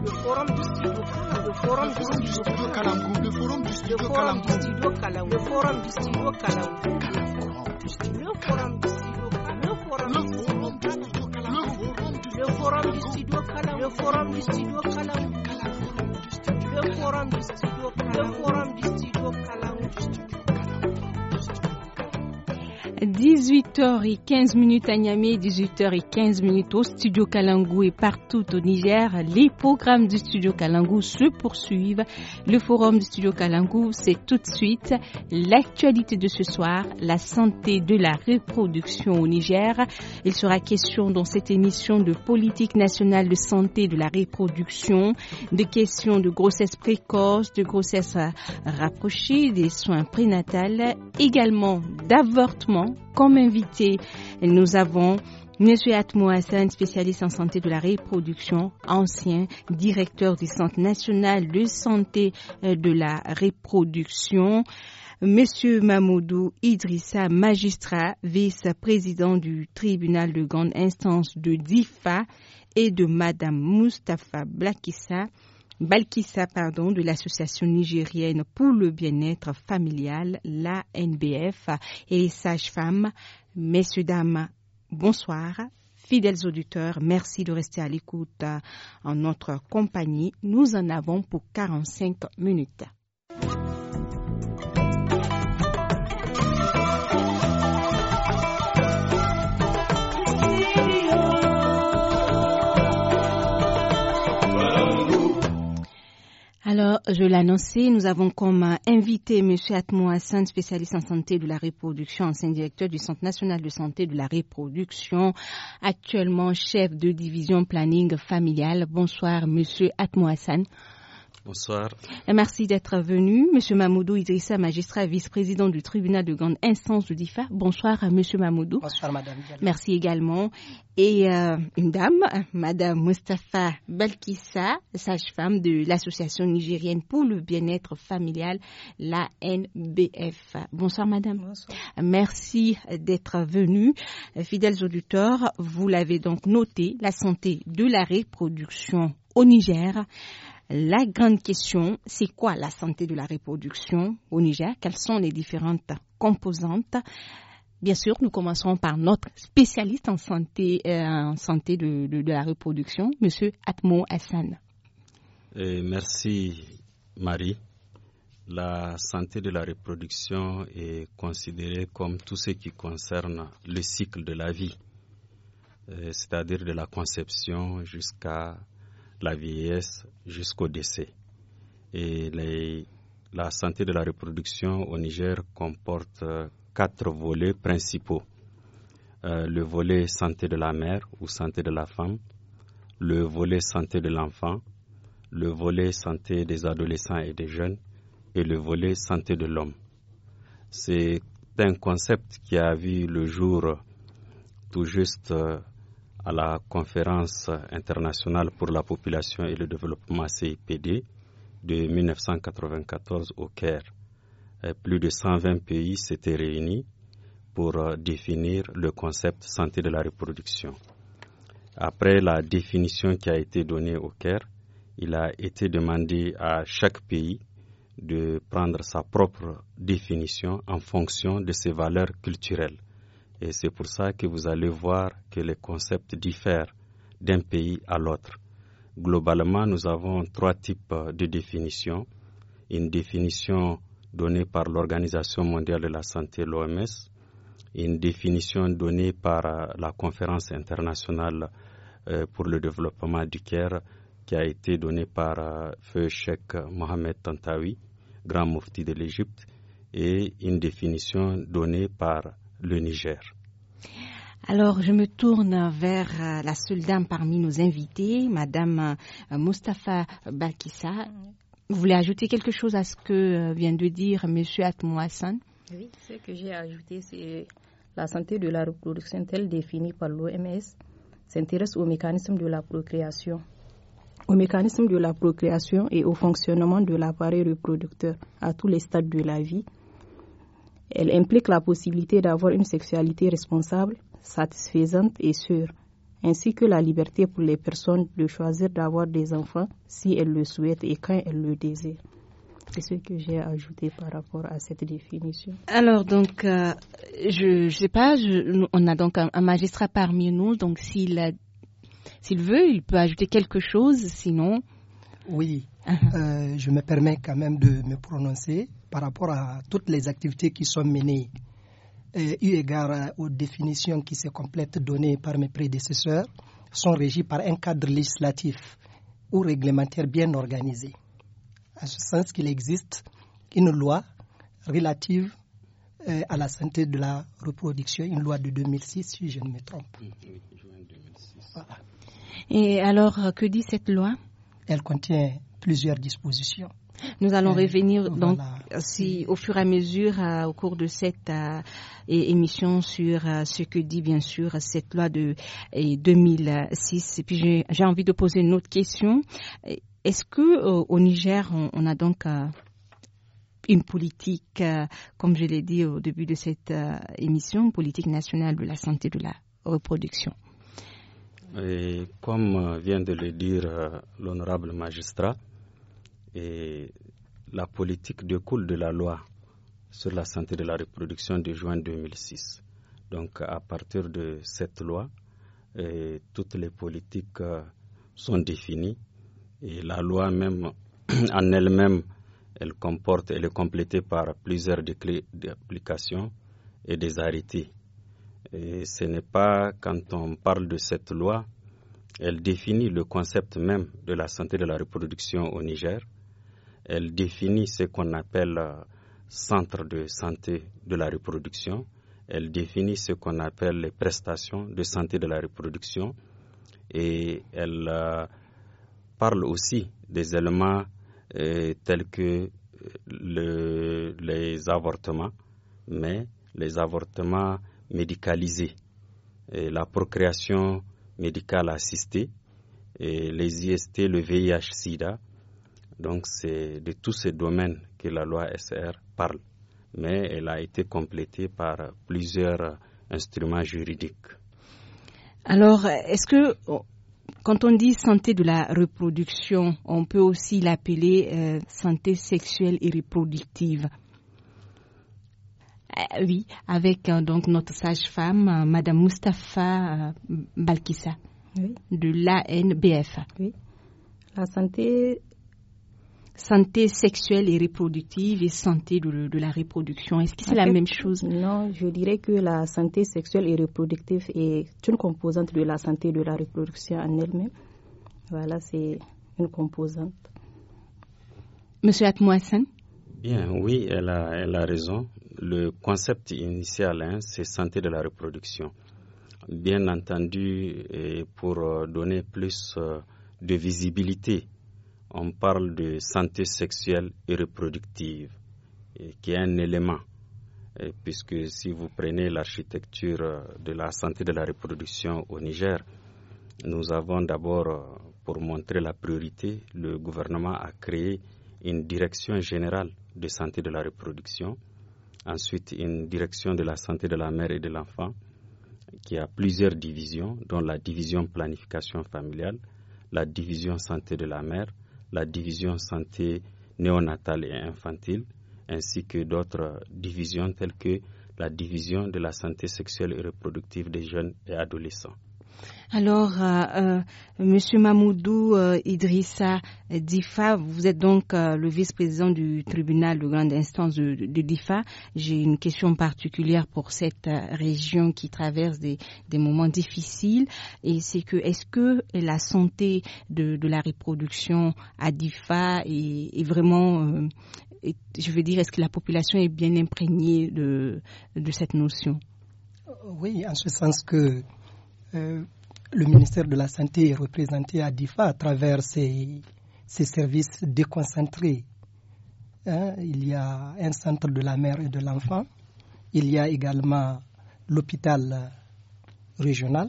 le forum du studio le forum du studio le forum du studio le forum du studio calam, le forum du le forum du studio le forum du le forum du studio le forum du le forum du studio 18h15 à Niamey, 18h15 au studio Kalangou et partout au Niger. Les programmes du studio Kalangou se poursuivent. Le forum du studio Kalangou, c'est tout de suite l'actualité de ce soir, la santé de la reproduction au Niger. Il sera question dans cette émission de politique nationale de santé de la reproduction, de questions de grossesse précoce, de grossesse rapprochée, des soins prénatales, également d'avortement comme invité, nous avons Monsieur Atmo Hassan, spécialiste en santé de la reproduction, ancien directeur du Centre national de santé euh, de la reproduction. Monsieur Mamoudou Idrissa, magistrat, vice-président du tribunal de grande instance de DIFA et de Madame Mustafa Blakissa, Balkissa pardon, de l'Association nigérienne pour le bien-être familial, la NBF, et les sages-femmes. Messieurs, dames, bonsoir. Fidèles auditeurs, merci de rester à l'écoute euh, en notre compagnie. Nous en avons pour 45 minutes. Alors, je l'annonçais, nous avons comme euh, invité M. Atmo Hassan, spécialiste en santé de la reproduction, ancien directeur du Centre national de santé de la reproduction, actuellement chef de division planning familial. Bonsoir, M. Atmo Hassan. Bonsoir. Merci d'être venu. Monsieur Mamoudou Idrissa, magistrat vice-président du tribunal de grande instance de DIFA. Bonsoir, monsieur Mamoudou. Bonsoir, madame. Merci également. Et euh, une dame, madame Mustafa Balkissa, sage-femme de l'association nigérienne pour le bien-être familial, la NBF. Bonsoir, madame. Bonsoir. Merci d'être venu. Fidèles auditeurs, vous l'avez donc noté, la santé de la reproduction au Niger la grande question, c'est quoi la santé de la reproduction au Niger Quelles sont les différentes composantes Bien sûr, nous commençons par notre spécialiste en santé, euh, en santé de, la reproduction, M. Atmo Hassan. Euh, merci, Marie. La santé de la reproduction est considérée comme tout ce qui concerne le cycle de la vie, euh, c'est-à-dire de la conception jusqu'à la vieillesse jusqu'au décès. Et la santé de la reproduction au Niger comporte euh, quatre volets principaux. Euh, le volet santé de la mère ou santé de la femme, le volet santé de l'enfant, le volet santé des adolescents et des jeunes et le volet santé de l'homme. C'est un concept qui a vu le jour tout juste euh, à la conférence internationale pour la population et le développement CIPD de 1994 au Caire. Euh, plus de 120 pays s'étaient réunis pour euh, définir le concept santé de la reproduction. Après la définition qui a été donnée au Caire, il a été demandé à chaque pays de prendre sa propre définition en fonction de ses valeurs culturelles. Et c'est pour ça que vous allez voir que les concepts diffèrent d'un pays à l'autre. Globalement, nous avons trois types de définitions. Une définition donnée par l'Organisation mondiale de la santé, l'OMS, une définition donnée par euh, la conférence internationale euh, pour le développement du Caire qui a été donnée par euh, Feu Mohamed Tantawi, grand mufti de l'Égypte, et une définition donnée par le Niger. Alors, je me tourne vers euh, la seule dame parmi nos invités, Madame euh, Mustapha Bakissa. Vous voulez ajouter quelque chose à ce que euh, vient de dire Monsieur Atmo Oui, ce que j'ai ajouté, c'est la santé de la reproduction telle définie par l'OMS s'intéresse au mécanisme de la procréation, au mécanisme de la procréation et au fonctionnement de l'appareil reproducteur à tous les stades de la vie, elle implique la possibilité d'avoir une sexualité responsable, satisfaisante et sûre, ainsi que la liberté pour les personnes de choisir d'avoir des enfants si elles le souhaitent et quand elles le désirent. C'est ce que j'ai ajouté par rapport à cette définition. Alors, donc, euh, je ne sais pas, on a donc un, magistrat parmi nous, donc s'il veut, il peut ajouter quelque chose, sinon. Oui, euh, je me permets quand même de me prononcer par rapport à toutes les activités qui sont menées, euh, eu égard aux définitions qui se complètent données par mes prédécesseurs, sont régies par un cadre législatif ou réglementaire bien organisé. À ce sens qu'il existe une loi relative euh, à la santé de la reproduction, une loi de 2006, si je ne me trompe. Et alors, euh, que dit cette loi Elle contient plusieurs dispositions. Nous allons euh, revenir donc si, au fur et à mesure euh, au cours de cette euh, émission sur ce que dit bien sûr cette loi de 2006. puis j'ai envie de poser une autre question. Est-ce que au Niger on, a donc une politique, comme je l'ai dit au début de cette émission, politique nationale de la santé de la reproduction. comme vient de le dire l'honorable magistrat, et la politique découle de la loi sur la santé de la reproduction de juin 2006. Donc à partir de cette loi, toutes les politiques euh, sont définies et la loi même en elle-même, elle comporte, elle est complétée par plusieurs décrets d'application et des arrêtés. Et ce n'est pas quand on parle de cette loi, elle définit le concept même de la santé de la reproduction au Niger elle définit ce qu'on appelle euh, centre de santé de la reproduction, elle définit ce qu'on appelle les prestations de santé de la reproduction et elle euh, parle aussi des éléments euh, tels que les avortements, mais les avortements médicalisés, la procréation médicale assistée, les IST, le VIH-Sida, donc c'est de tous ces domaines que la loi SR parle, mais elle a été complétée par plusieurs instruments juridiques. Alors, est-ce que oh, quand on dit santé de la reproduction, on peut aussi l'appeler euh, santé sexuelle et reproductive euh, Oui, avec euh, donc notre sage-femme, Madame Moustapha Balkissa, de l'ANBF. Oui. La santé santé sexuelle et reproductive et santé de, la reproduction. Est-ce que c'est la même chose Non, je dirais que la santé sexuelle et reproductive est une composante de la santé de la reproduction en elle-même. Voilà, c'est une composante. Monsieur Atmoissan Bien, oui, elle a, raison. Le concept initial, hein, c'est santé de la reproduction. Bien entendu, pour euh, donner plus euh, de visibilité on parle de santé sexuelle et reproductive, qui est un élément, puisque si vous prenez l'architecture euh, de la santé de la reproduction au Niger, nous avons d'abord, euh, pour montrer la priorité, le gouvernement a créé une direction générale de santé de la reproduction, ensuite une direction de la santé de la mère et de l'enfant, qui a plusieurs divisions, dont la division planification familiale, la division santé de la mère, la division santé néonatale et infantile, ainsi que d'autres divisions telles que la division de la santé sexuelle et reproductive des jeunes et adolescents. Alors, M. Euh, euh, Monsieur Mamoudou euh, Idrissa Difa, vous êtes donc le vice-président du tribunal de grande instance de, Difa. J'ai une question particulière pour cette région qui traverse des, moments difficiles. Et c'est que, est-ce que la santé de, la reproduction à Difa est, vraiment, je veux dire, est-ce que la population est bien imprégnée de cette notion Oui, en ce sens que euh, le ministère de la Santé est représenté à DIFA à travers ses, services déconcentrés. Hein, il y a un centre de la mère et de l'enfant. Il y a également l'hôpital régional.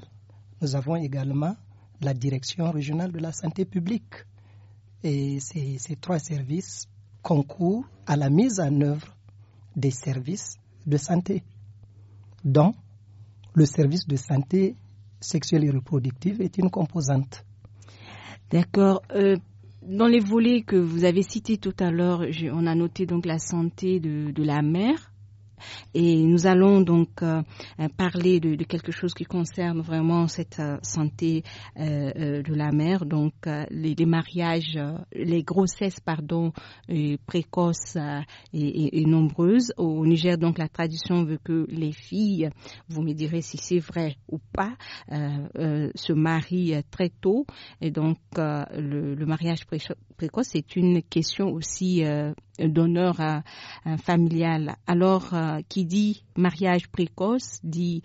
Nous avons également la direction régionale de la santé publique. Et ces, ces trois services concourent à la mise en œuvre des services de santé, dont le service de santé sexuelle et reproductive est une composante. D'accord. Euh, dans les volets que vous avez cités tout à l'heure, on a noté donc la santé de la mère, et nous allons donc euh, euh, parler de, quelque chose qui concerne vraiment cette euh, santé de la mère, donc les, mariages, les grossesses, pardon, précoces et, nombreuses. Au Niger, donc, la tradition veut que les filles, vous me direz si c'est vrai ou pas, se marient très tôt. Et donc, le, mariage précoce est une question aussi euh, d'honneur familial. Alors, euh, qui dit mariage précoce dit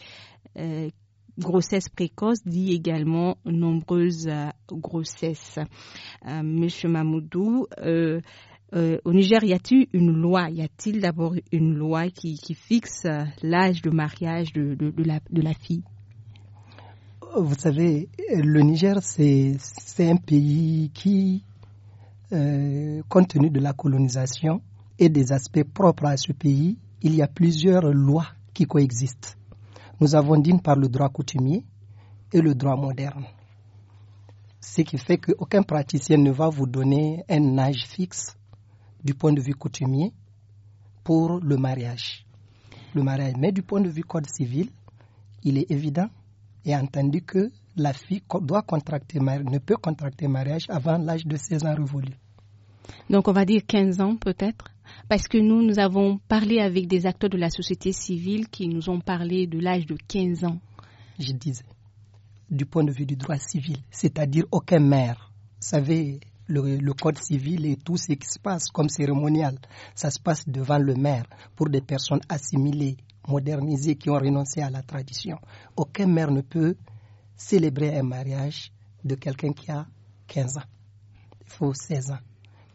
euh, grossesse précoce dit également nombreuses euh, grossesses. Monsieur Mamoudou, au Niger, y a-t-il une loi Y a-t-il d'abord une loi qui, qui fixe l'âge de mariage de, la, de la fille Vous savez, le Niger, c'est un pays qui euh, compte tenu de la colonisation et des aspects propres à ce pays, il y a plusieurs lois qui coexistent. Nous avons d'une part le droit coutumier et le droit moderne. Ce qui fait qu'aucun praticien ne va vous donner un âge fixe du point de vue coutumier pour Le mariage, mais du point de vue code civil, il est évident et entendu que la fille doit contracter, ne peut contracter mariage avant l'âge de 16 ans révolu. Donc on va dire 15 ans peut-être parce que nous, nous avons parlé avec des acteurs de la société civile qui nous ont parlé de l'âge de 15 ans. Je disais, du point de vue du droit civil, c'est-à-dire aucun maire. Vous savez, le, le, code civil et tout ce qui se passe comme cérémonial, ça se passe devant le maire pour des personnes assimilées, modernisées, qui ont renoncé à la tradition. Aucun maire ne peut célébrer un mariage de quelqu'un qui a 15 ans. Il faut 16 ans.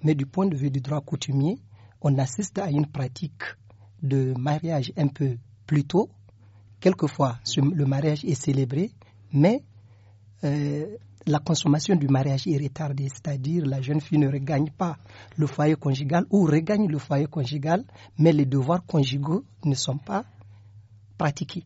Mais du point de vue du droit coutumier, on assiste à une pratique de mariage un peu plus tôt. Quelquefois, le mariage est célébré, mais euh, la consommation du mariage est retardée, c'est-à-dire la jeune fille ne regagne pas le foyer conjugal ou regagne le foyer conjugal, mais les devoirs conjugaux ne sont pas pratiqués.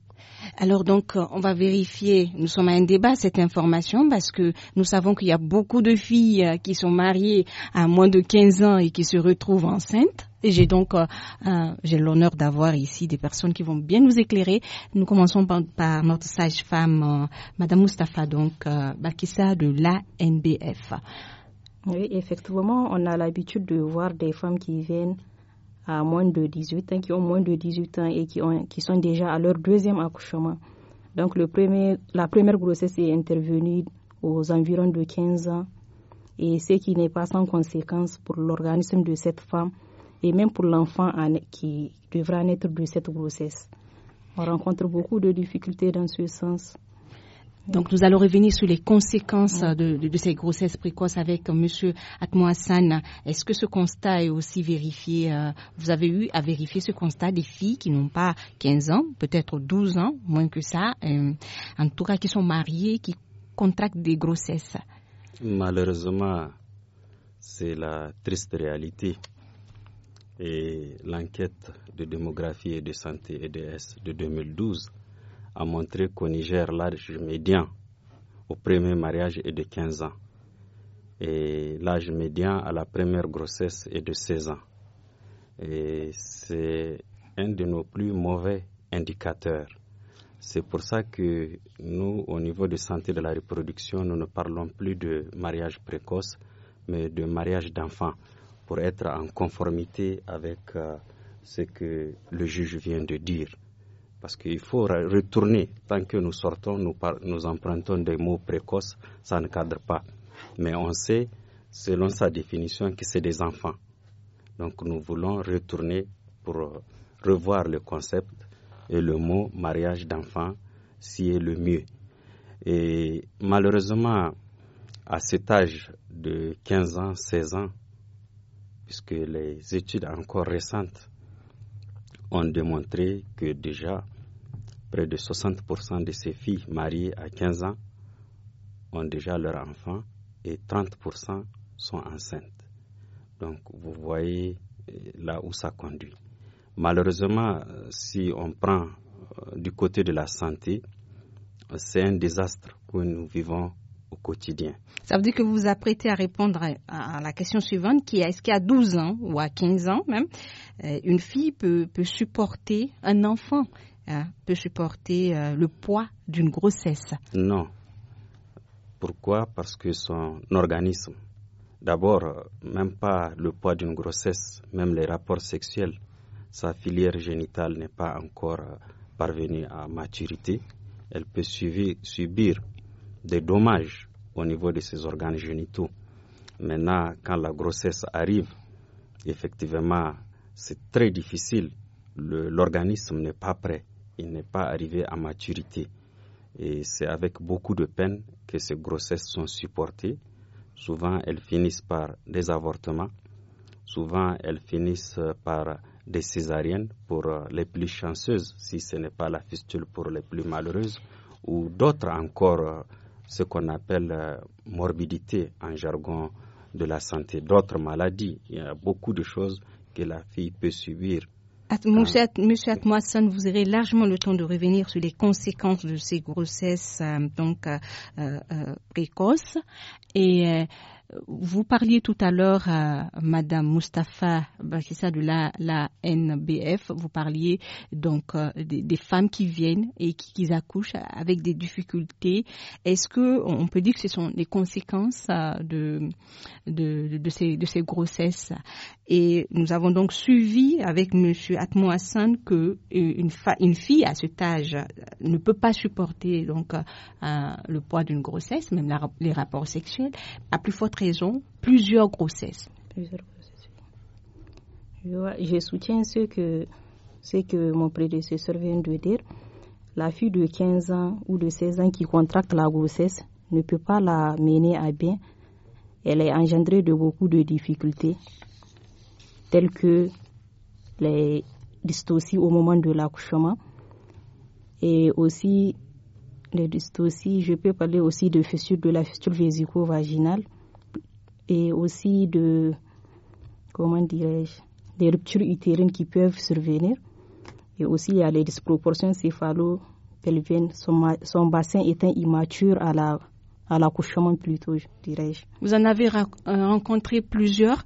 Alors donc, on va vérifier, nous sommes à un débat, cette information, parce que nous savons qu'il y a beaucoup de filles euh, qui sont mariées à moins de 15 ans et qui se retrouvent enceintes. Et J'ai donc euh, euh, l'honneur d'avoir ici des personnes qui vont bien nous éclairer. Nous commençons par, notre sage-femme, Madame Mustafa, donc Bakissa de l'ANBF. Oui, effectivement, on a l'habitude de voir des femmes qui viennent à moins de 18 ans, qui ont moins de 18 ans et qui, ont, qui sont déjà à leur deuxième accouchement. Donc le premier, la première grossesse est intervenue aux environs de 15 ans et ce qui n'est pas sans conséquence pour l'organisme de cette femme et même pour l'enfant qui devra naître de cette grossesse. On rencontre beaucoup de difficultés dans ce sens. Donc nous allons revenir sur les conséquences mm. de, ces grossesses précoces avec euh, M. Atmo Hassan. Est-ce que ce constat est aussi vérifié euh, Vous avez eu à vérifier ce constat des filles qui n'ont pas 15 ans, peut-être 12 ans, moins que ça, euh, en tout cas qui sont mariées, qui contractent des grossesses. Malheureusement, c'est la triste réalité. Et l'enquête de démographie et de santé EDS de 2012 a montré qu'au Niger, l'âge médian au premier mariage est de 15 ans. Et l'âge médian à la première grossesse est de 16 ans. Et c'est un de nos plus mauvais indicateurs. C'est pour ça que nous, au niveau de santé de la reproduction, nous ne parlons plus de mariage précoce, mais de mariage d'enfants, pour être en conformité avec euh, ce que le juge vient de dire. Parce qu'il faut retourner. Tant que nous sortons, nous, empruntons des mots précoces, ça ne cadre pas. Mais on sait, selon sa définition, que c'est des enfants. Donc nous voulons retourner pour euh, revoir le concept et le mot mariage d'enfant si est le mieux. Et malheureusement, à cet âge de 15 ans, 16 ans, puisque les études encore récentes ont démontré que déjà près de 60% de ces filles mariées à 15 ans ont déjà leur enfant et 30% sont enceintes. Donc vous voyez euh, là où ça conduit. Malheureusement, euh, si on prend euh, du côté de la santé, c'est un désastre que nous vivons au quotidien. Ça veut dire que vous vous apprêtez à répondre à, la question suivante qui est est-ce qu'à 12 ans ou à 15 ans même, une fille peut supporter un enfant Hein, peut supporter euh, le poids d'une grossesse Non. Pourquoi Parce que son organisme, d'abord, euh, même pas le poids d'une grossesse, même les rapports sexuels, sa filière génitale n'est pas encore euh, parvenue à maturité. Elle peut subir des dommages au niveau de ses organes génitaux. Maintenant, quand la grossesse arrive, effectivement, c'est très difficile. L'organisme n'est pas prêt il n'est pas arrivé à maturité. Et c'est avec beaucoup de peine que ces grossesses sont supportées. Souvent, elles finissent par des avortements. Souvent, elles finissent par des césariennes pour les plus chanceuses, si ce n'est pas la fistule pour les plus malheureuses, ou d'autres encore, ce qu'on appelle euh, morbidité en jargon de la santé, d'autres maladies. Il y a beaucoup de choses que la fille peut subir Monsieur Atmoisson, ah. vous aurez largement le temps de revenir sur les conséquences de ces grossesses euh, donc euh, euh, euh, précoces. Et vous parliez tout à l'heure, Madame Mustapha ça, de la, NBF, vous parliez donc des, femmes qui viennent et qui, accouchent avec des difficultés. Est-ce que on peut dire que ce sont les conséquences de, de, de ces grossesses et nous avons donc suivi avec M. Atmo Hassan que euh, une, fille à cet âge euh, ne peut pas supporter donc euh, le poids d'une grossesse, même les rapports sexuels, à plus forte raison plusieurs grossesses. Je, je soutiens ce que ce que mon prédécesseur vient de dire. La fille de 15 ans ou de 16 ans qui contracte la grossesse ne peut pas la mener à bien. Elle est engendrée de beaucoup de difficultés tels que les dystocies au moment de l'accouchement et aussi les dystocies, je peux parler aussi de fissure de la fistule vésico-vaginale et aussi de, comment dirais-je, des ruptures utérines qui peuvent survenir. Et aussi, il y a les disproportions céphalo-pelviennes, son, son, bassin étant immature à la à l'accouchement plutôt, dirais-je. Vous en avez euh, rencontré plusieurs.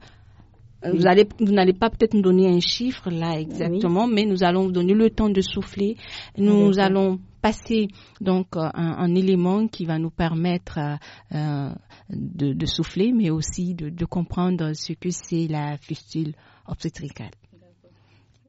Euh, vous n'allez pas peut-être nous donner un chiffre là exactement, mais nous allons vous donner le temps de souffler. Nous allons passer donc euh, un, élément qui va nous permettre euh, de, souffler, mais aussi de, comprendre ce que c'est la fistule obstétricale.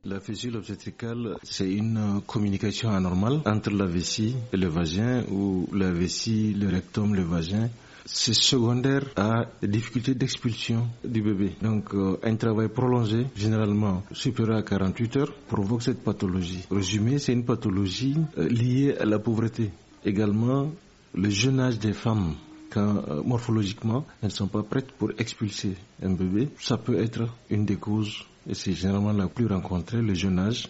La fistule obstétricale, c'est une communication anormale entre la vessie et le vagin, ou la vessie, le rectum, le vagin, c'est secondaire à des difficultés d'expulsion du bébé. Donc euh, un travail prolongé, généralement supérieur à 48 heures, provoque cette pathologie. Résumé, c'est une pathologie euh, liée à la pauvreté. Également, le jeune âge des femmes quand euh, morphologiquement elles ne sont pas prêtes pour expulser un bébé, ça peut être une des causes et c'est généralement la plus rencontrée, le jeune âge,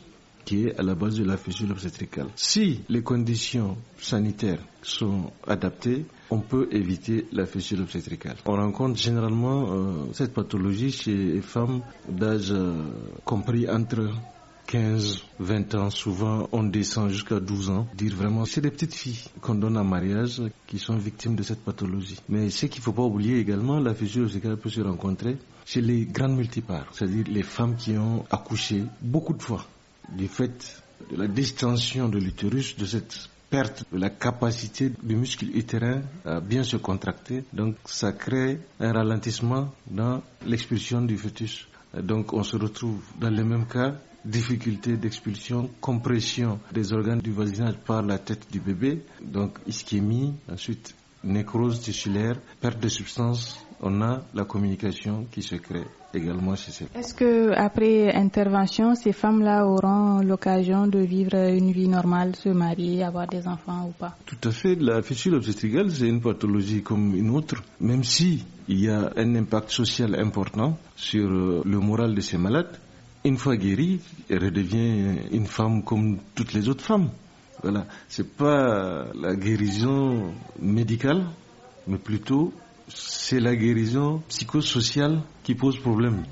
qui est à la base de la fissure obstétricale. Si les conditions sanitaires sont adaptées, on peut éviter la fissure obstétricale. On rencontre généralement euh, cette pathologie chez les femmes d'âge euh, compris entre 15, 20 ans, souvent on descend jusqu'à 12 ans. Dire vraiment, c'est des petites filles qu'on donne en mariage qui sont victimes de cette pathologie. Mais ce qu'il ne faut pas oublier également, la fissure obstétricale peut se rencontrer chez les grandes multipares, c'est-à-dire les femmes qui ont accouché beaucoup de fois du fait de la distension de l'utérus, de cette perte de la capacité du muscle utérin à bien se contracter. Donc ça crée un ralentissement dans l'expulsion du fœtus. Donc on se retrouve dans le même cas, difficulté d'expulsion, compression des organes du voisinage par la tête du bébé, donc ischémie, ensuite nécrose tissulaire, perte de substance, on a la communication qui se crée également Est-ce que après intervention, ces femmes-là auront l'occasion de vivre une vie normale, se marier, avoir des enfants ou pas Tout à fait. La fissure obstétricale, c'est une pathologie comme une autre, même si il y a un impact social important sur euh, le moral de ces malades. Une fois guérie, elle redevient une femme comme toutes les autres femmes. Voilà, c'est pas la guérison médicale, mais plutôt c'est la guérison psychosociale qui pose problème.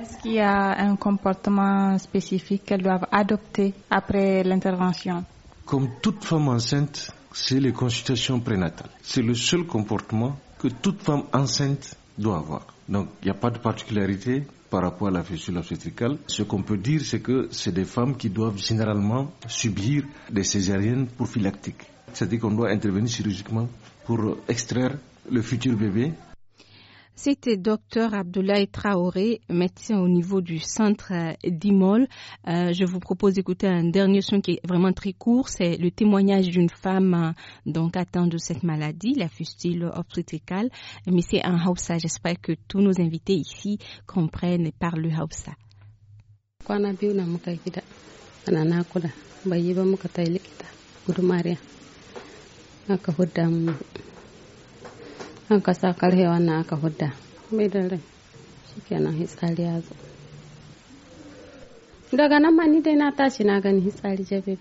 Est-ce qu'il y a un comportement spécifique qu'elles doivent adopter après l'intervention Comme toute femme enceinte, c'est les consultations prénatales. C'est le seul comportement que toute femme enceinte doit avoir. Donc il n'y a pas de particularité par rapport à la fissure obstétricale. Ce qu'on peut dire, c'est que c'est des femmes qui doivent généralement subir des césariennes prophylactiques. C'est-à-dire qu'on doit intervenir chirurgicalement pour extraire le futur bébé. C'était docteur Abdoulaye Traoré, médecin au niveau du centre euh, d'Imol. Euh, je vous propose d'écouter un dernier son qui est vraiment très court. C'est le témoignage d'une femme euh, donc atteinte de cette maladie, la fustile obstétricale. Mais c'est un Hausa. J'espère que tous nos invités ici comprennent et parlent Hausa. an ka sa karhe wannan aka hudda mai da rai shikenan hitsari ya zo daga nan ma ni dai na tashi na gani hitsari jabe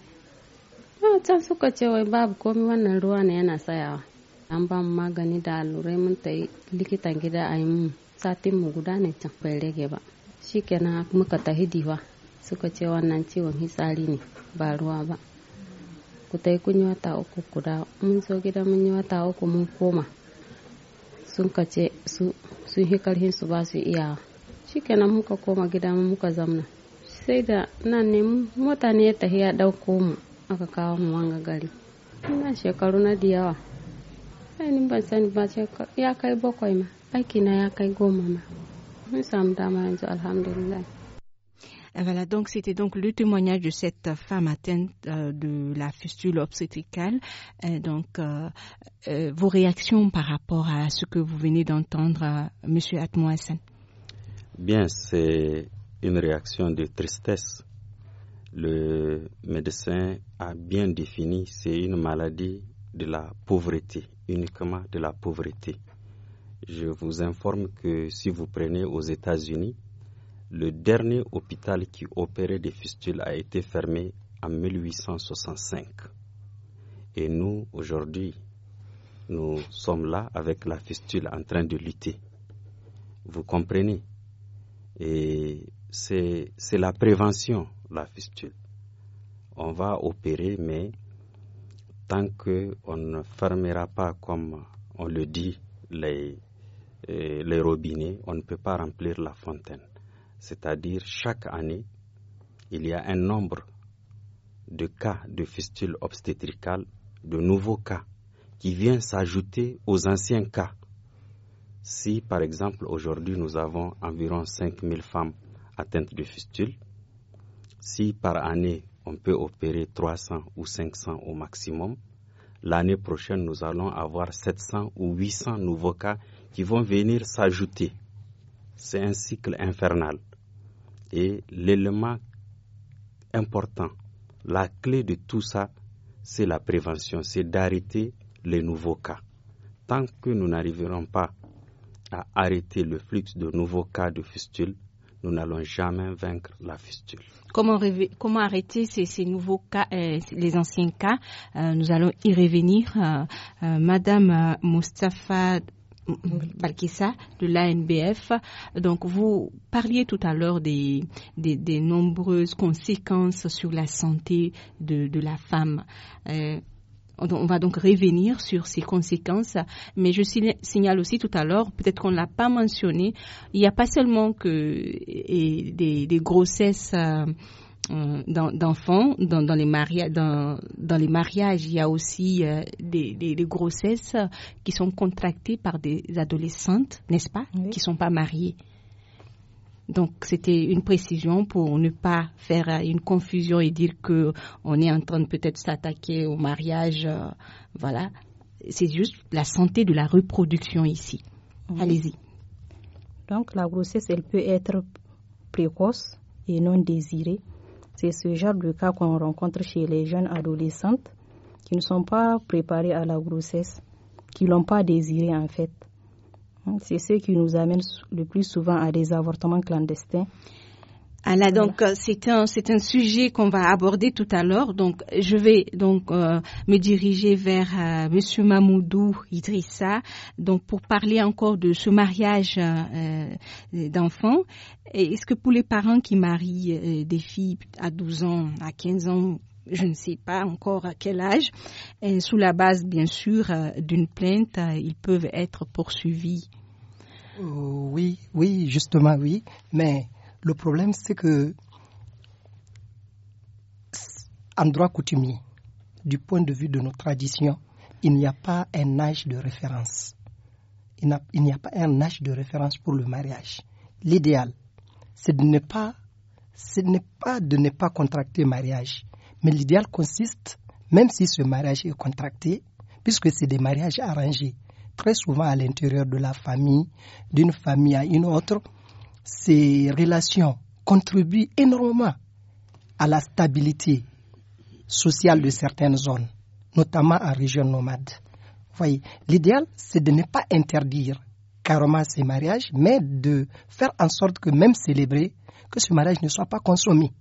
can suka ce wai babu komi wannan ruwa ne yana tsayawa an ba mu magani da allurai mun ta likitan gida a yi mun satin mu guda ne can bai rage ba shi kenan muka ta hidiwa suka ce wannan ciwon hitsari ne ba ruwa ba ku ta yi kunyi wata uku guda mun zo gida mun yi wata uku mun koma sun kace su sun yi karhin su ba su iyawa shikenan muka koma gida muka zamna sai da nan ne mota ne ya tafi ya ɗauko mu aka kawo mu wanga gari ina shekaru na da yawa ni ban sani ba ya kai bakwai ma aiki na ya kai goma ma mun samu dama yanzu alhamdulillah Voilà, donc c'était donc le témoignage de cette femme atteinte euh, de la fistule obstétricale. donc, euh, euh, vos réactions par rapport à ce que vous venez d'entendre, M. Atmo Bien, c'est une réaction de tristesse. Le médecin a bien défini, c'est une maladie de la pauvreté, uniquement de la pauvreté. Je vous informe que si vous prenez aux États-Unis, le dernier hôpital qui opérait des fistules a été fermé en 1865. Et nous, aujourd'hui, nous sommes là avec la fistule en train de lutter. Vous comprenez Et c'est la prévention, la fistule. On va opérer, mais tant qu'on ne fermera pas, comme on le dit, les, euh, les robinets, on ne peut pas remplir la fontaine c'est-à-dire chaque année, il y a un nombre de cas de fistule obstétricale, de nouveaux cas, qui viennent s'ajouter aux anciens cas. Si, par exemple, aujourd'hui, nous avons environ 5000 femmes atteintes de fistule, si par année, on peut opérer 300 ou 500 au maximum, l'année prochaine, nous allons avoir 700 ou 800 nouveaux cas qui vont venir s'ajouter. C'est un cycle infernal. Et l'élément important, la clé de tout ça, c'est la prévention, c'est d'arrêter les nouveaux cas. Tant que nous n'arriverons pas à arrêter le flux de nouveaux cas de fistule, nous n'allons jamais vaincre la fistule. Comment, arrêter ces, nouveaux cas, euh, les anciens cas euh, Nous allons y revenir. Euh, Madame Mustapha de l'ANBF. Donc, vous parliez tout à l'heure des, des, nombreuses conséquences sur la santé de, de la femme. Euh, on va donc revenir sur ces conséquences, mais je signale aussi tout à l'heure, peut-être qu'on ne l'a pas mentionné, il n'y a pas seulement que des, des, grossesses euh, euh, d'enfants dans, dans, les mariages il y a aussi euh, des, grossesses qui sont contractées par des adolescentes n'est-ce pas qui qui sont pas mariées donc c'était une précision pour ne pas faire euh, une confusion et dire que on est en train de peut-être s'attaquer au mariage voilà c'est juste la santé de la reproduction ici allez-y donc la grossesse elle peut être précoce et non désirée c'est ce genre de cas qu'on rencontre chez les jeunes adolescentes qui ne sont pas préparées à la grossesse, qui ne l'ont pas désirée en fait. Hein, c'est ce qui nous amène le plus souvent à des avortements clandestins ah, voilà. Donc euh, c'est un c'est un sujet qu'on va aborder tout à l'heure. Donc je vais donc euh, me diriger vers M. Euh, Monsieur Mamoudou Idrissa donc pour parler encore de ce mariage d'enfants. Est-ce que pour les parents qui marient des filles à 12 ans, à 15 ans, je ne sais pas encore à quel âge, sous la base bien sûr d'une plainte, ils peuvent être poursuivis. Oui, oui, justement oui, mais le problème, c'est que, en droit coutumier, du point de vue de nos traditions, il n'y a pas un âge de référence. Il n'y a pas un âge de référence pour le mariage. L'idéal, c'est de ne pas, ce n'est pas de ne pas contracter mariage, mais l'idéal consiste, même si ce mariage est contracté, puisque c'est des mariages arrangés, très souvent à l'intérieur de la famille, d'une famille à une autre, ces relations contribuent énormément à la stabilité sociale de certaines zones, notamment en région nomade. Voyez, l'idéal, c'est de ne pas interdire carrément ces mariages, mais de faire en sorte que même célébrés, que ce mariage ne soit pas consommé.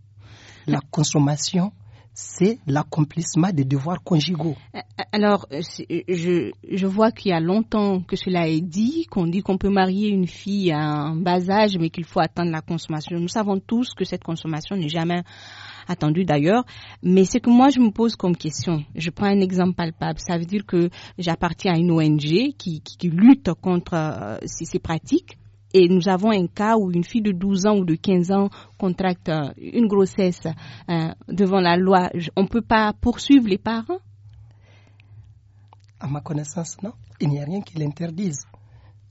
La consommation c'est l'accomplissement des devoirs conjugaux. Euh, euh, alors, euh, je, je vois qu'il y a longtemps que cela est dit, qu'on dit qu'on peut marier une fille à un bas âge, mais qu'il faut attendre la consommation. Nous savons tous que cette consommation n'est jamais attendue d'ailleurs, mais ce que moi je me pose comme question. Je prends un exemple palpable. Ça veut dire que j'appartiens à une ONG qui, qui, lutte contre ces pratiques et nous avons un cas où une fille de 12 ans ou de 15 ans contracte euh, une grossesse euh, devant la loi, on ne peut pas poursuivre les parents À ma connaissance, non. Il n'y a rien qui l'interdise.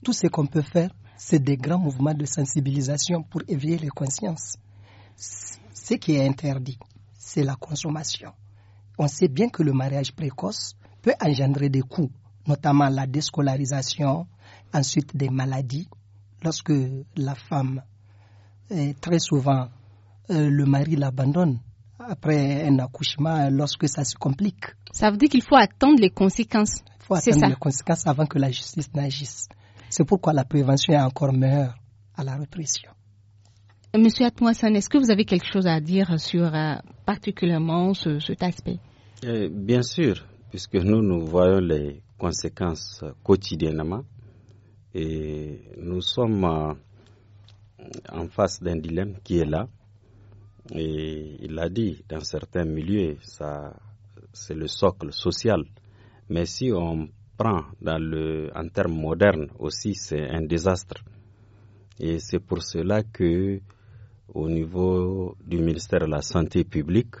Tout ce qu'on peut faire, c'est des grands mouvements de sensibilisation pour éveiller les consciences. Ce qui est interdit, c'est la consommation. On sait bien que le mariage précoce peut engendrer des coûts, notamment la déscolarisation, ensuite des maladies, lorsque la femme, très souvent, euh, le mari l'abandonne après un accouchement, lorsque ça se complique. Ça veut dire qu'il faut attendre les conséquences. Il faut attendre les conséquences avant que la justice n'agisse. C'est pourquoi la prévention est encore meilleure à la répression. Monsieur Atmoissan, est-ce que vous avez quelque chose à dire sur euh, particulièrement ce, cet aspect euh, Bien sûr, puisque nous, nous voyons les conséquences quotidiennement et nous sommes euh, en face d'un dilemme qui est là. Et il l'a dit, dans certains milieux, c'est le socle social. Mais si on prend en termes modernes aussi, c'est un désastre. Et c'est pour cela que, au niveau du ministère de la Santé publique,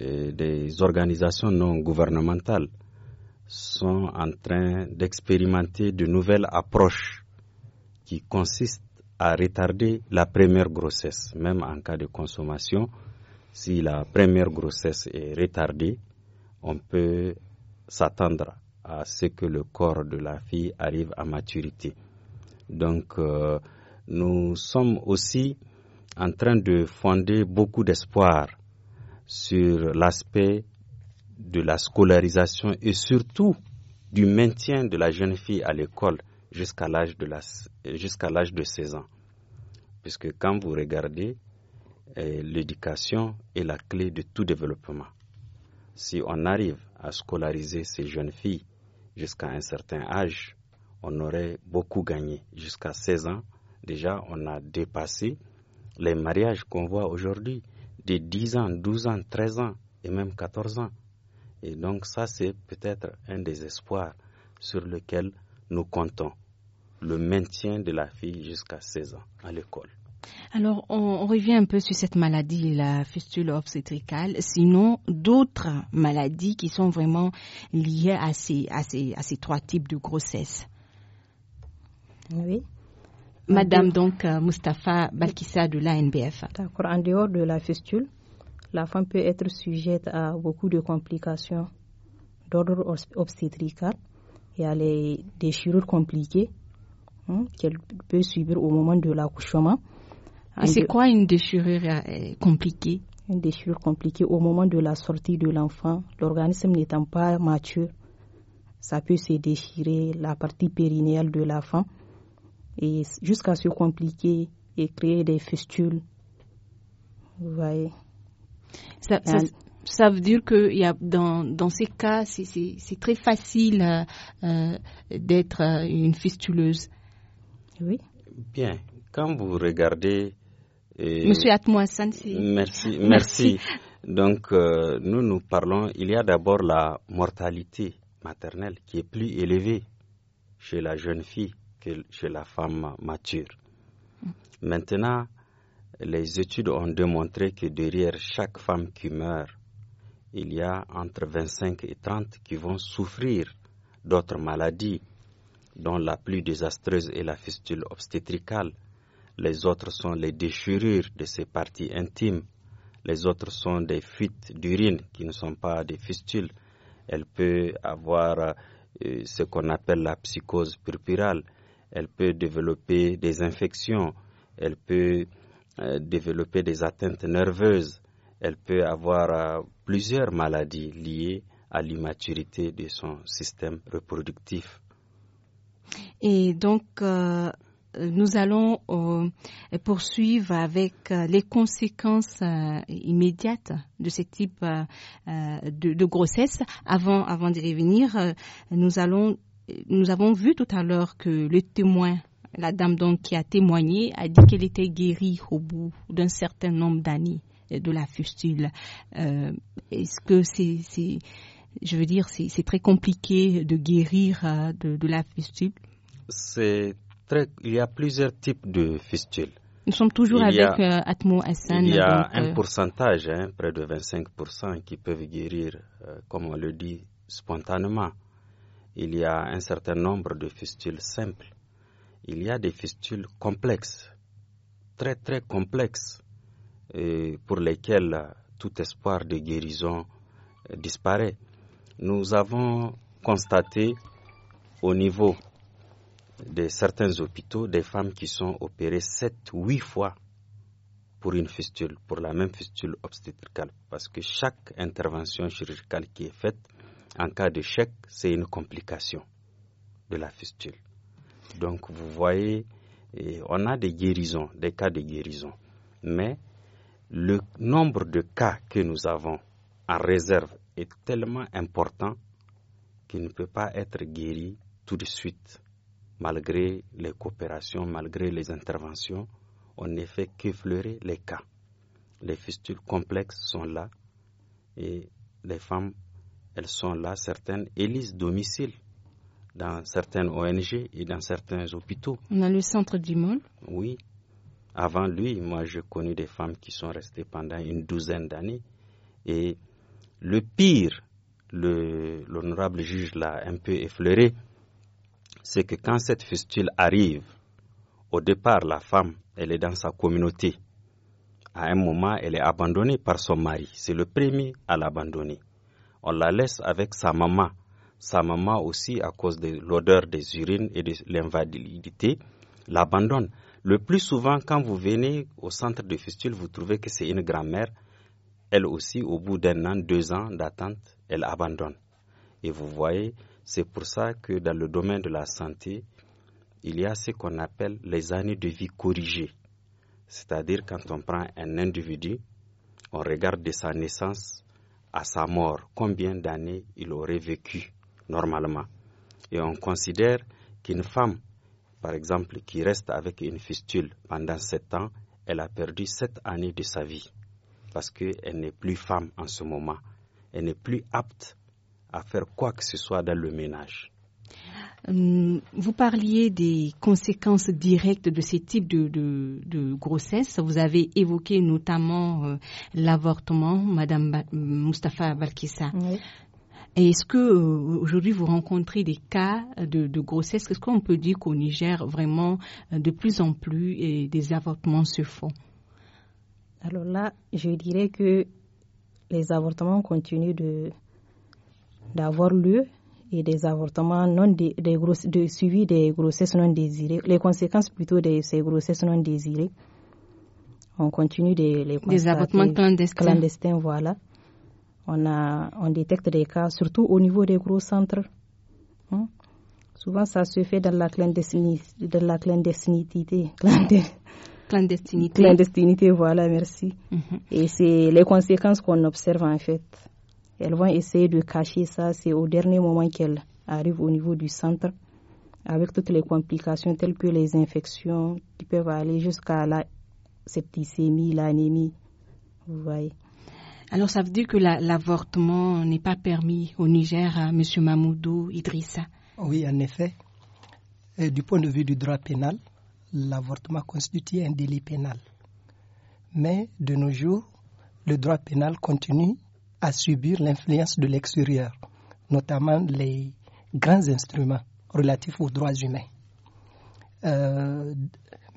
euh, des organisations non gouvernementales sont en train d'expérimenter de nouvelles approches qui consistent à retarder la première grossesse, même en cas de consommation. Si la première grossesse est retardée, on peut s'attendre à ce que le corps de la fille arrive à maturité. Donc, euh, nous sommes aussi en train de fonder beaucoup d'espoir sur l'aspect de la scolarisation et surtout du maintien de la jeune fille à l'école jusqu'à l'âge de, la, l'âge de 16 ans. Puisque quand vous regardez, eh, l'éducation est la clé de tout développement. Si on arrive à scolariser ces jeunes filles jusqu'à un certain âge, on aurait beaucoup gagné. Jusqu'à 16 ans, déjà, on a dépassé les mariages qu'on voit aujourd'hui de 10 ans, 12 ans, 13 ans et même 14 ans. Et donc ça, c'est peut-être un des espoirs sur lequel nous comptons, le maintien de la fille jusqu'à 16 ans à l'école. Alors, on, revient un peu sur cette maladie, la fistule obstétricale. Sinon, d'autres maladies qui sont vraiment liées à ces, à à ces trois types de grossesse. Oui. Madame, donc, euh, Mustapha Balkissa de l'ANBF. D'accord. En dehors de la fistule, la femme peut être sujette à beaucoup de complications d'ordre obstétrical. et à des les déchirures compliquées hein, qu'elle peut subir au moment de l'accouchement. c'est quoi une déchirure euh, compliquée Une déchirure compliquée au moment de la sortie de l'enfant, l'organisme n'étant pas mature, ça peut se déchirer la partie périnéale de la femme et jusqu'à se compliquer et créer des fistules. Vous voyez euh, ça, veut dire que y a, dans, dans ces cas, c'est très facile euh, euh, d'être une fistuleuse. Oui. Bien. Quand vous regardez. Monsieur Atmoissan, Merci, merci. merci. Donc, nous, nous parlons. Il y a d'abord la mortalité maternelle qui est plus élevée chez la jeune fille que chez la femme mature. Mm. Maintenant, les études ont démontré que derrière chaque femme qui meurt, il y a entre 25 et 30 qui vont souffrir d'autres maladies, dont la plus désastreuse est la fistule obstétricale. Les autres sont les déchirures de ces parties intimes. Les autres sont des fuites d'urine qui ne sont pas des fistules. Elle peut avoir euh, ce qu'on appelle la psychose purpurale. Elle peut développer des infections. Elle peut euh, développer des atteintes nerveuses. Elle peut avoir euh, plusieurs maladies liées à l'immaturité de son système reproductif. Et donc, euh, nous allons poursuivre avec les conséquences immédiates de ce type de, grossesse. Avant, avant d'y revenir, nous allons, nous avons vu tout à l'heure que le témoin la dame donc qui a témoigné a dit qu'elle était guérie au bout d'un certain nombre d'années de la fustule. Euh, est-ce que c'est, je veux dire, c'est très compliqué de guérir euh, de, la fustule C'est très, il y a plusieurs types de fistules. Nous sommes toujours avec euh, Atmo Hassan. Il y a un pourcentage, hein, près de 25%, qui peuvent guérir, comme on le dit, spontanément. Il y a un certain nombre de fistules simples il y a des fistules complexes, très très complexes, pour lesquelles tout espoir de guérison disparaît. Nous avons constaté au niveau de certains hôpitaux des femmes qui sont opérées sept, huit fois pour une fistule, pour la même fistule obstétricale, parce que chaque intervention chirurgicale qui est faite, en cas d'échec, c'est une complication de la fistule. Donc vous voyez, on a des guérisons, des cas de guérison. Mais le nombre de cas que nous avons en réserve est tellement important qu'il ne peut pas être guéri tout de suite. Malgré les coopérations, malgré les interventions, on ne fait qu'effleurer les cas. Les fistules complexes sont là et les femmes, elles sont là, certaines élisent domicile dans certaines ONG et dans certains hôpitaux. On a le centre du monde. Oui. Avant lui, moi, j'ai connu des femmes qui sont restées pendant une douzaine d'années. Et le pire, l'honorable juge l'a un peu effleuré, c'est que quand cette fistule arrive, au départ, la femme, elle est dans sa communauté. À un moment, elle est abandonnée par son mari. C'est le premier à l'abandonner. On la laisse avec sa maman sa maman aussi, à cause de l'odeur des urines et de l'invalidité, l'abandonne. Le plus souvent, quand vous venez au centre de fistule, vous trouvez que c'est une grand-mère, elle aussi, au bout d'un an, deux ans d'attente, elle abandonne. Et vous voyez, c'est pour ça que dans le domaine de la santé, il y a ce qu'on appelle les années de vie corrigées. C'est-à-dire quand on prend un individu, on regarde de sa naissance à sa mort, combien d'années il aurait vécu normalement. Et on considère qu'une femme, par exemple, qui reste avec une fistule pendant sept ans, elle a perdu sept années de sa vie parce qu'elle n'est plus femme en ce moment. Elle n'est plus apte à faire quoi que ce soit dans le ménage. Hum, vous parliez des conséquences directes de ces types de, de, grossesse. Vous avez évoqué notamment euh, l'avortement, Madame Mustafa Mustapha Balkissa. Oui. Est-ce que euh, aujourd'hui vous rencontrez des cas de, grossesse Est-ce qu'on peut dire qu'au Niger, vraiment, euh, de plus en plus, des avortements se font Alors là, je dirais que les avortements continuent d'avoir lieu et des avortements non des, de suivi des grossesses non désirées, les conséquences plutôt de ces grossesses non désirées. On continue de les Des avortements Clandestins, voilà. On, a, on détecte des cas, surtout au niveau des gros centres. Hein. Souvent, ça se fait dans la clandestinité. la clandestinité. clandestinité. Clandestinité, voilà, merci. Mhm. Et c'est les conséquences qu'on observe en fait. Elles vont essayer de cacher ça. C'est au dernier moment qu'elles arrivent au niveau du centre avec toutes les complications telles que les infections qui peuvent aller jusqu'à la septicémie, l'anémie. Vous voyez. Alors, ça veut dire que l'avortement n'est pas permis au Niger, à M. Mamoudou Idrissa Oui, en effet. du point de vue du droit pénal, l'avortement constitue un délit pénal. Mais de nos jours, le droit pénal continue à subir l'influence de l'extérieur, notamment les grands instruments relatifs aux droits humains. Euh,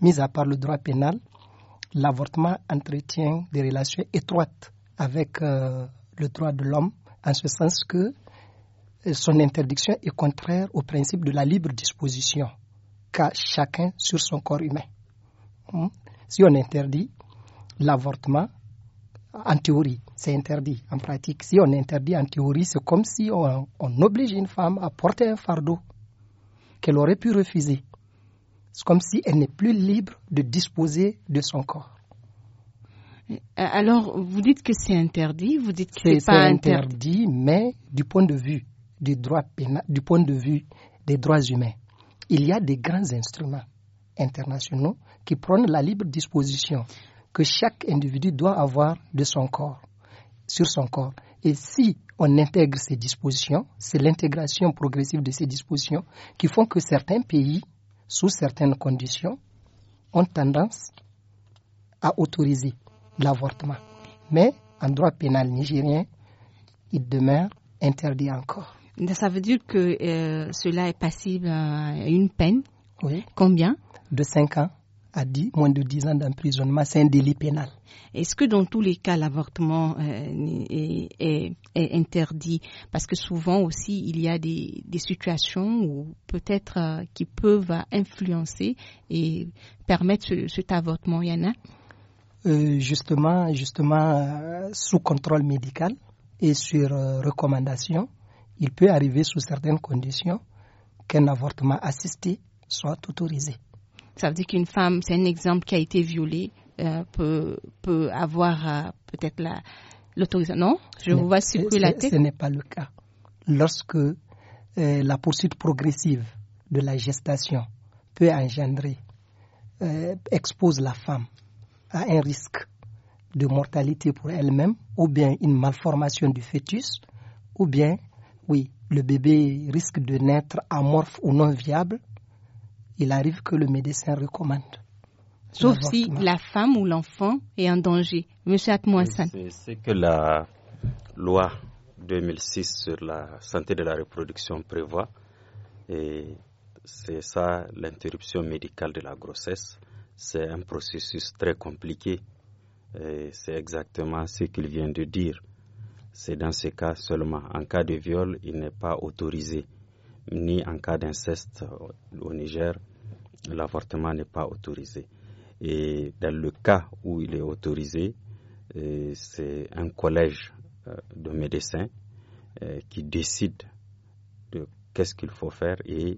mis à part le droit pénal, l'avortement entretient des relations étroites avec euh, le droit de l'homme, en ce sens que euh, son interdiction est contraire au principe de la libre disposition qu'a chacun sur son corps humain. Hmm? Si on interdit l'avortement, en théorie, c'est interdit. En pratique, si on interdit en théorie, c'est comme si on, oblige une femme à porter un fardeau qu'elle aurait pu refuser. C'est comme si elle n'est plus libre de disposer de son corps. Euh, alors, vous dites que c'est interdit, vous dites que c'est pas interdit. interdit, mais du point de vue du droit pénal, du point de vue des droits humains, il y a des grands instruments internationaux qui prônent la libre disposition que chaque individu doit avoir de son corps, sur son corps. Et si on intègre ces dispositions, c'est l'intégration progressive de ces dispositions qui font que certains pays, sous certaines conditions, ont tendance à autoriser l'avortement. Mais en droit pénal nigérien, il demeure interdit encore. Ça veut dire que euh, cela est passible à une peine Oui. Combien De 5 ans à moins de 10 ans d'emprisonnement. C'est un délit pénal. Est-ce que dans tous les cas, l'avortement euh, est, interdit Parce que souvent aussi, il y a des, situations où peut-être euh, qui peuvent influencer et permettre cet avortement. Il y en a euh, justement, justement euh, sous contrôle médical et sur euh, recommandation, il peut arriver sous certaines conditions qu'un avortement assisté soit autorisé. Ça veut dire qu'une femme, c'est un exemple qui a été violée, peut, peut avoir peut-être l'autorisation. non Je vous vois circuler la tête. Ce n'est pas le cas. Lorsque la poursuite progressive de la gestation peut engendrer, expose la femme à un risque de mortalité pour elle-même, ou bien une malformation du fœtus, ou bien, oui, le bébé risque de naître amorphe ou non viable, il arrive que le médecin recommande. Sauf si la femme ou l'enfant est en danger. Monsieur Atmoissan. C'est que la loi 2006 sur la santé de la reproduction prévoit, et c'est ça l'interruption médicale de la grossesse c'est un processus très compliqué. C'est exactement ce qu'il vient de dire. C'est dans ce cas seulement. En cas de viol, il n'est pas autorisé. Ni en cas d'inceste au Niger, l'avortement n'est pas autorisé. Et dans le cas où il est autorisé, euh, c'est un collège euh, de médecins euh, qui décide de qu'est-ce qu'il faut faire et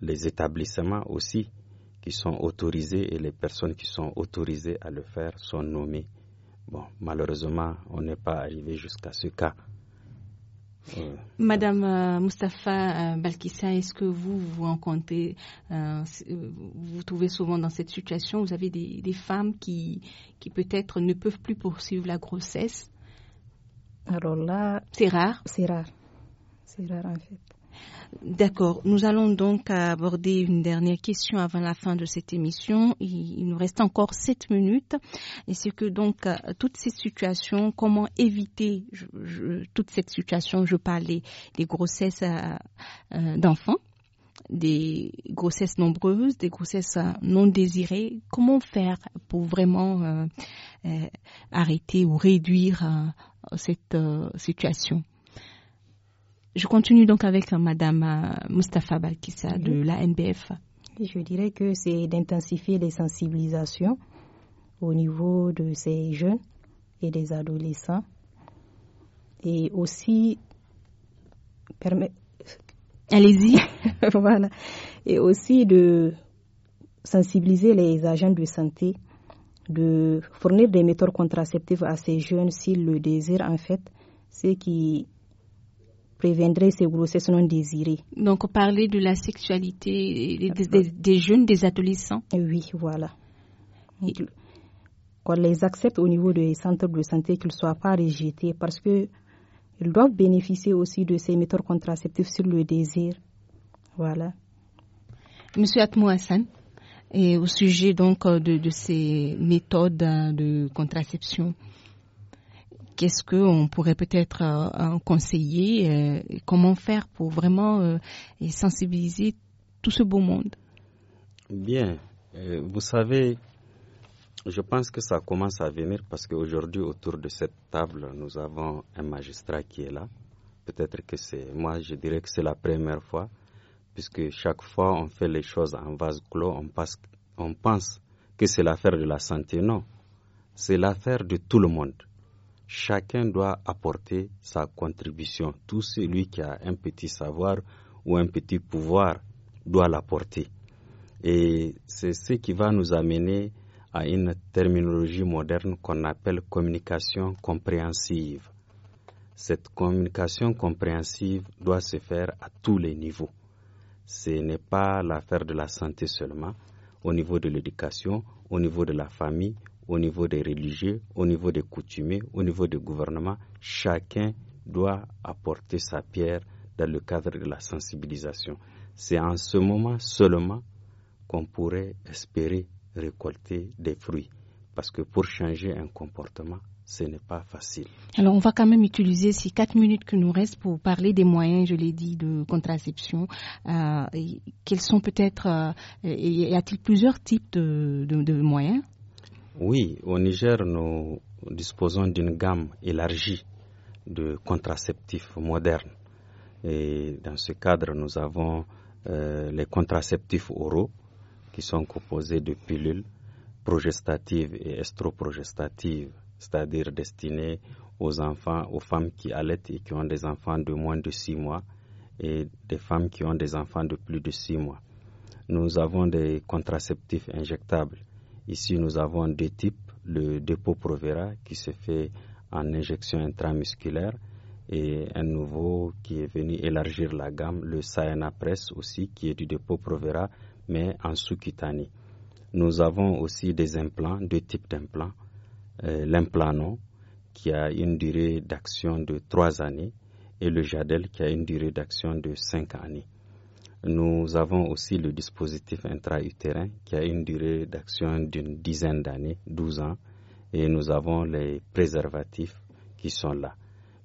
les établissements aussi qui sont autorisés et les personnes qui sont autorisées à le faire sont nommées. Bon, malheureusement, on n'est pas arrivé jusqu'à ce cas. Euh, Madame euh, Moustapha Mustapha Balkissa, est-ce que vous vous rencontrez, vous euh, vous trouvez souvent dans cette situation, vous avez des, des femmes qui, qui peut-être ne peuvent plus poursuivre la grossesse Alors là. C'est rare C'est rare. C'est rare en fait. D'accord. Nous allons donc aborder une dernière question avant la fin de cette émission. Il nous reste encore sept minutes. Et c'est que donc, euh, toutes ces situations, comment éviter toute cette situation Je parlais des grossesses euh, euh, d'enfants, des grossesses nombreuses, des grossesses non désirées. Comment faire pour vraiment arrêter ou réduire cette situation je continue donc avec euh, Madame euh, Mustafa Balkissa de la NBF. Je dirais que c'est d'intensifier les sensibilisations au niveau de ces jeunes et des adolescents et aussi Allez-y. voilà. Et aussi de sensibiliser les agents de santé, de fournir des méthodes contraceptives à ces jeunes s'ils le désirent en fait, ce qui préviendrait ces grossesses non désirées. Donc, parler de la sexualité des, jeunes, des adolescents Oui, voilà. Qu'on les accepte au niveau des centres de santé, qu'ils ne soient pas rejetés parce que ils doivent bénéficier aussi de ces méthodes contraceptives sur le désir. Voilà. Monsieur Atmo au sujet donc euh, de ces méthodes hein, de contraception, qu'est-ce qu'on pourrait peut-être euh, en conseiller euh, Comment faire pour vraiment euh, sensibiliser tout ce beau monde Bien, vous savez, je pense que ça commence à venir parce qu'aujourd'hui, autour de cette table, nous avons un magistrat qui est là. Peut-être que c'est, moi je dirais que c'est la première fois, puisque chaque fois on fait les choses en vase clos, on pense que c'est l'affaire de la santé. Non, c'est l'affaire de tout le monde chacun doit apporter sa contribution. Tout celui qui a un petit savoir ou un petit pouvoir doit l'apporter. Et c'est ce qui va nous amener à une terminologie moderne qu'on appelle communication compréhensive. Cette communication compréhensive doit se faire à tous les niveaux. Ce n'est pas l'affaire de la santé seulement, au niveau de l'éducation, au niveau de la famille, au niveau des religieux, au niveau des coutumiers, au niveau des gouvernements, chacun doit apporter sa pierre dans le cadre de la sensibilisation. C'est en ce moment seulement qu'on pourrait espérer récolter des fruits. Parce que pour changer un comportement, ce n'est pas facile. Alors, on va quand même utiliser ces quatre minutes que nous restent pour parler des moyens, je l'ai dit, de contraception. Euh, quels sont peut-être, euh, y a-t-il plusieurs types de moyens oui, au Niger, nous disposons d'une gamme élargie de contraceptifs modernes. Et dans ce cadre, nous avons euh, les contraceptifs oraux qui sont composés de pilules progestatives et estroprogestatives, c'est-à-dire destinées aux enfants, aux femmes qui allaitent et qui ont des enfants de moins de 6 mois et des femmes qui ont des enfants de plus de 6 mois. Nous avons des contraceptifs injectables Ici, nous avons deux types. Le dépôt Provera qui se fait en injection intramusculaire et un nouveau qui est venu élargir la gamme, le Sayana Press aussi, qui est du dépôt Provera, mais en sous-cutané. Nous avons aussi des implants, deux types d'implants. Euh, L'implanon, qui a une durée d'action de trois années, et le Jadel, qui a une durée d'action de cinq années. Nous avons aussi le dispositif intra-utérin qui a une durée d'action d'une dizaine d'années, 12 ans, et nous avons les préservatifs qui sont là.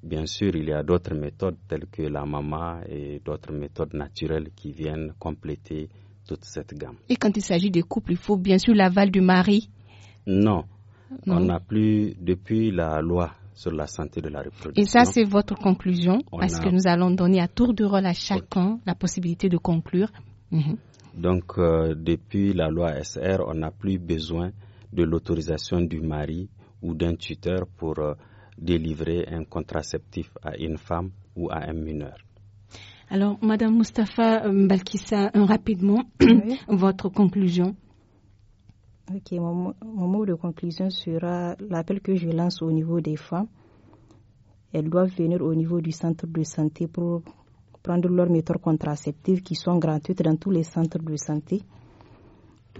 Bien sûr, il y a d'autres méthodes telles que la mama et d'autres méthodes naturelles qui viennent compléter toute cette gamme. Et quand il s'agit des couples, il faut bien sûr l'aval du mari Non. non. On n'a plus, depuis la loi sur la santé de la reproduction. Et ça, c'est votre conclusion, est parce que nous allons donner à tour de rôle à chacun la possibilité de conclure. Mhm. Donc, euh, depuis la loi SR, on n'a plus besoin de l'autorisation du mari ou d'un tuteur pour euh, délivrer un contraceptif à une femme ou à un mineur. Alors, Madame Mustapha euh, Balkissa, rapidement, votre conclusion. Ok, mon, mot de conclusion sera l'appel que je lance au niveau des femmes. Elles doivent venir au niveau du centre de santé pour prendre leurs méthodes contraceptives qui sont gratuites dans tous les centres de santé.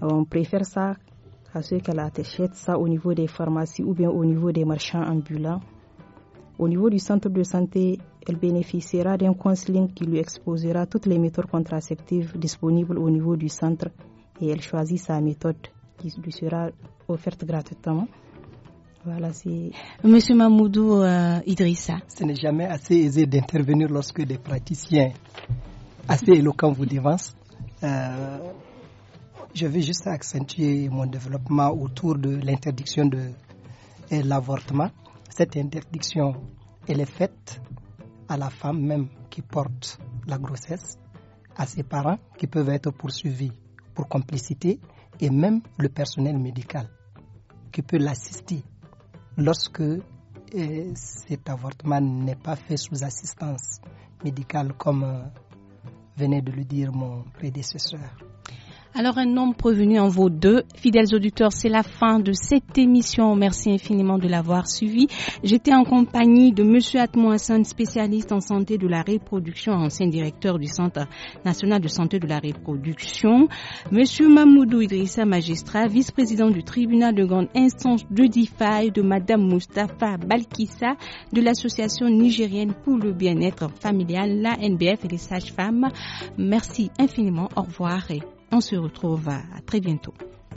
Euh, on préfère ça à ceux qu'elle achètent ça au niveau des pharmacies ou bien au niveau des marchands ambulants. Au niveau du centre de santé, elle bénéficiera d'un counseling qui lui exposera toutes les méthodes contraceptives disponibles au niveau du centre et elle choisit sa méthode qui lui sera offerte gratuitement. Voilà, Monsieur Mamoudou euh, Idrissa. Ce n'est jamais assez aisé d'intervenir lorsque des praticiens assez éloquents vous dévancent. Euh, je vais juste accentuer mon développement autour de l'interdiction de l'avortement. Cette interdiction, elle est faite à la femme même qui porte la grossesse, à ses parents qui peuvent être poursuivis pour complicité, et même le personnel médical qui peut l'assister lorsque euh, cet avortement n'est pas fait sous assistance médicale comme euh, venait de le dire mon prédécesseur. Alors un nombre prévenu en vaut deux. Fidèles auditeurs, c'est la fin de cette émission. Merci infiniment de l'avoir suivi. J'étais en compagnie de Monsieur Atmo Hassan, spécialiste en santé de la reproduction, ancien directeur du Centre national de santé de la reproduction. Monsieur Mamoudou Idrissa, magistrat, vice-président du tribunal de grande instance de DIFAI, de Madame Mustafa Balkissa, de l'association nigérienne pour le bien-être familial, la NBF et les sages-femmes. Merci infiniment. Au revoir on se retrouve euh, à très bientôt.